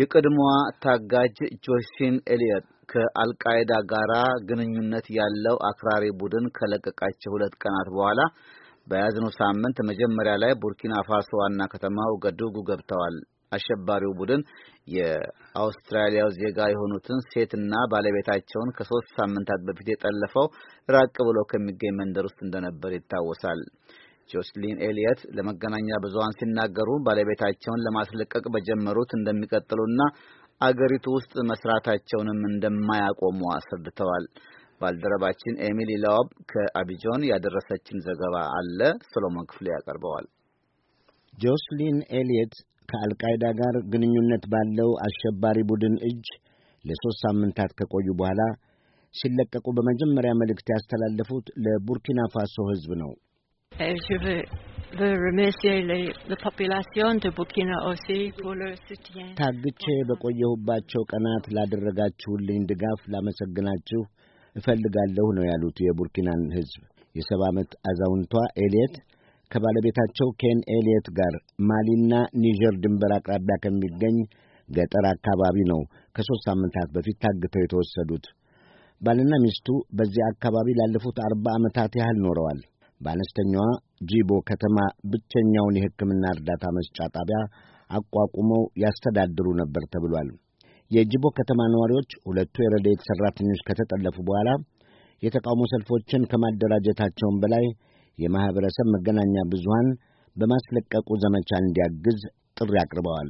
የቀድሞዋ ታጋጅ ጆሲን ኤልየት ከአልቃይዳ ጋር ግንኙነት ያለው አክራሪ ቡድን ከለቀቃቸው ሁለት ቀናት በኋላ በያዝነው ሳምንት መጀመሪያ ላይ ቡርኪና ፋሶ ዋና ከተማ ውጋዱጉ ገብተዋል። አሸባሪው ቡድን የአውስትራሊያው ዜጋ የሆኑትን ሴትና ባለቤታቸውን ከሶስት ሳምንታት በፊት የጠለፈው ራቅ ብሎ ከሚገኝ መንደር ውስጥ እንደነበር ይታወሳል። ጆስሊን ኤሊየት ለመገናኛ ብዙሃን ሲናገሩ ባለቤታቸውን ለማስለቀቅ በጀመሩት እንደሚቀጥሉና አገሪቱ ውስጥ መስራታቸውንም እንደማያቆሙ አስረድተዋል። ባልደረባችን ኤሚሊ ላዋብ ከአቢጆን ያደረሰችን ዘገባ አለ። ሶሎሞን ክፍሌ ያቀርበዋል። ጆስሊን ኤሊየት ከአልቃይዳ ጋር ግንኙነት ባለው አሸባሪ ቡድን እጅ ለሦስት ሳምንታት ከቆዩ በኋላ ሲለቀቁ በመጀመሪያ መልእክት ያስተላለፉት ለቡርኪና ፋሶ ሕዝብ ነው። Eh, je veux ታግቼ በቆየሁባቸው ቀናት ላደረጋችሁልኝ ድጋፍ ላመሰግናችሁ እፈልጋለሁ ነው ያሉት የቡርኪናን ሕዝብ የሰባ ዓመት አዛውንቷ ኤልየት ከባለቤታቸው ኬን ኤልየት ጋር ማሊና ኒጀር ድንበር አቅራቢያ ከሚገኝ ገጠር አካባቢ ነው ከሦስት ሳምንታት በፊት ታግተው የተወሰዱት። ባልና ሚስቱ በዚያ አካባቢ ላለፉት አርባ ዓመታት ያህል ኖረዋል። በአነስተኛዋ ጂቦ ከተማ ብቸኛውን የሕክምና እርዳታ መስጫ ጣቢያ አቋቁመው ያስተዳድሩ ነበር ተብሏል። የጂቦ ከተማ ነዋሪዎች ሁለቱ የረድኤት ሠራተኞች ከተጠለፉ በኋላ የተቃውሞ ሰልፎችን ከማደራጀታቸውን በላይ የማኅበረሰብ መገናኛ ብዙሃን በማስለቀቁ ዘመቻ እንዲያግዝ ጥሪ አቅርበዋል።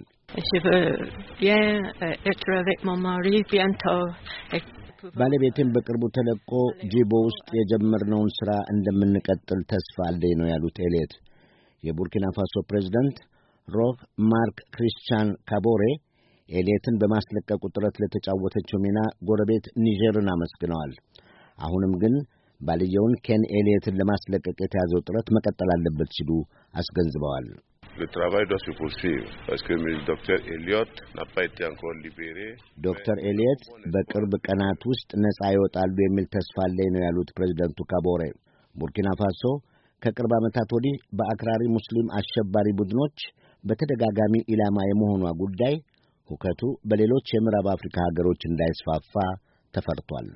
ባለቤቴም በቅርቡ ተለቆ ጂቦ ውስጥ የጀመርነውን ሥራ እንደምንቀጥል ተስፋ አለኝ ነው ያሉት ኤሌት። የቡርኪና ፋሶ ፕሬዚደንት ሮክ ማርክ ክሪስቲያን ካቦሬ ኤሌትን በማስለቀቁ ጥረት ለተጫወተችው ሚና ጎረቤት ኒጀርን አመስግነዋል። አሁንም ግን ባልየውን ኬን ኤሌትን ለማስለቀቅ የተያዘው ጥረት መቀጠል አለበት ሲሉ አስገንዝበዋል። Le travail doit se poursuivre parce que le docteur Elliot n'a pas été encore libéré. ዶክተር ኤልየት በቅርብ ቀናት ውስጥ ነፃ ይወጣሉ የሚል ተስፋ አለኝ ነው ያሉት ፕሬዚደንቱ ካቦሬ። ቡርኪና ፋሶ ከቅርብ ዓመታት ወዲህ በአክራሪ ሙስሊም አሸባሪ ቡድኖች በተደጋጋሚ ኢላማ የመሆኗ ጉዳይ ሁከቱ በሌሎች የምዕራብ አፍሪካ ሀገሮች እንዳይስፋፋ ተፈርቷል።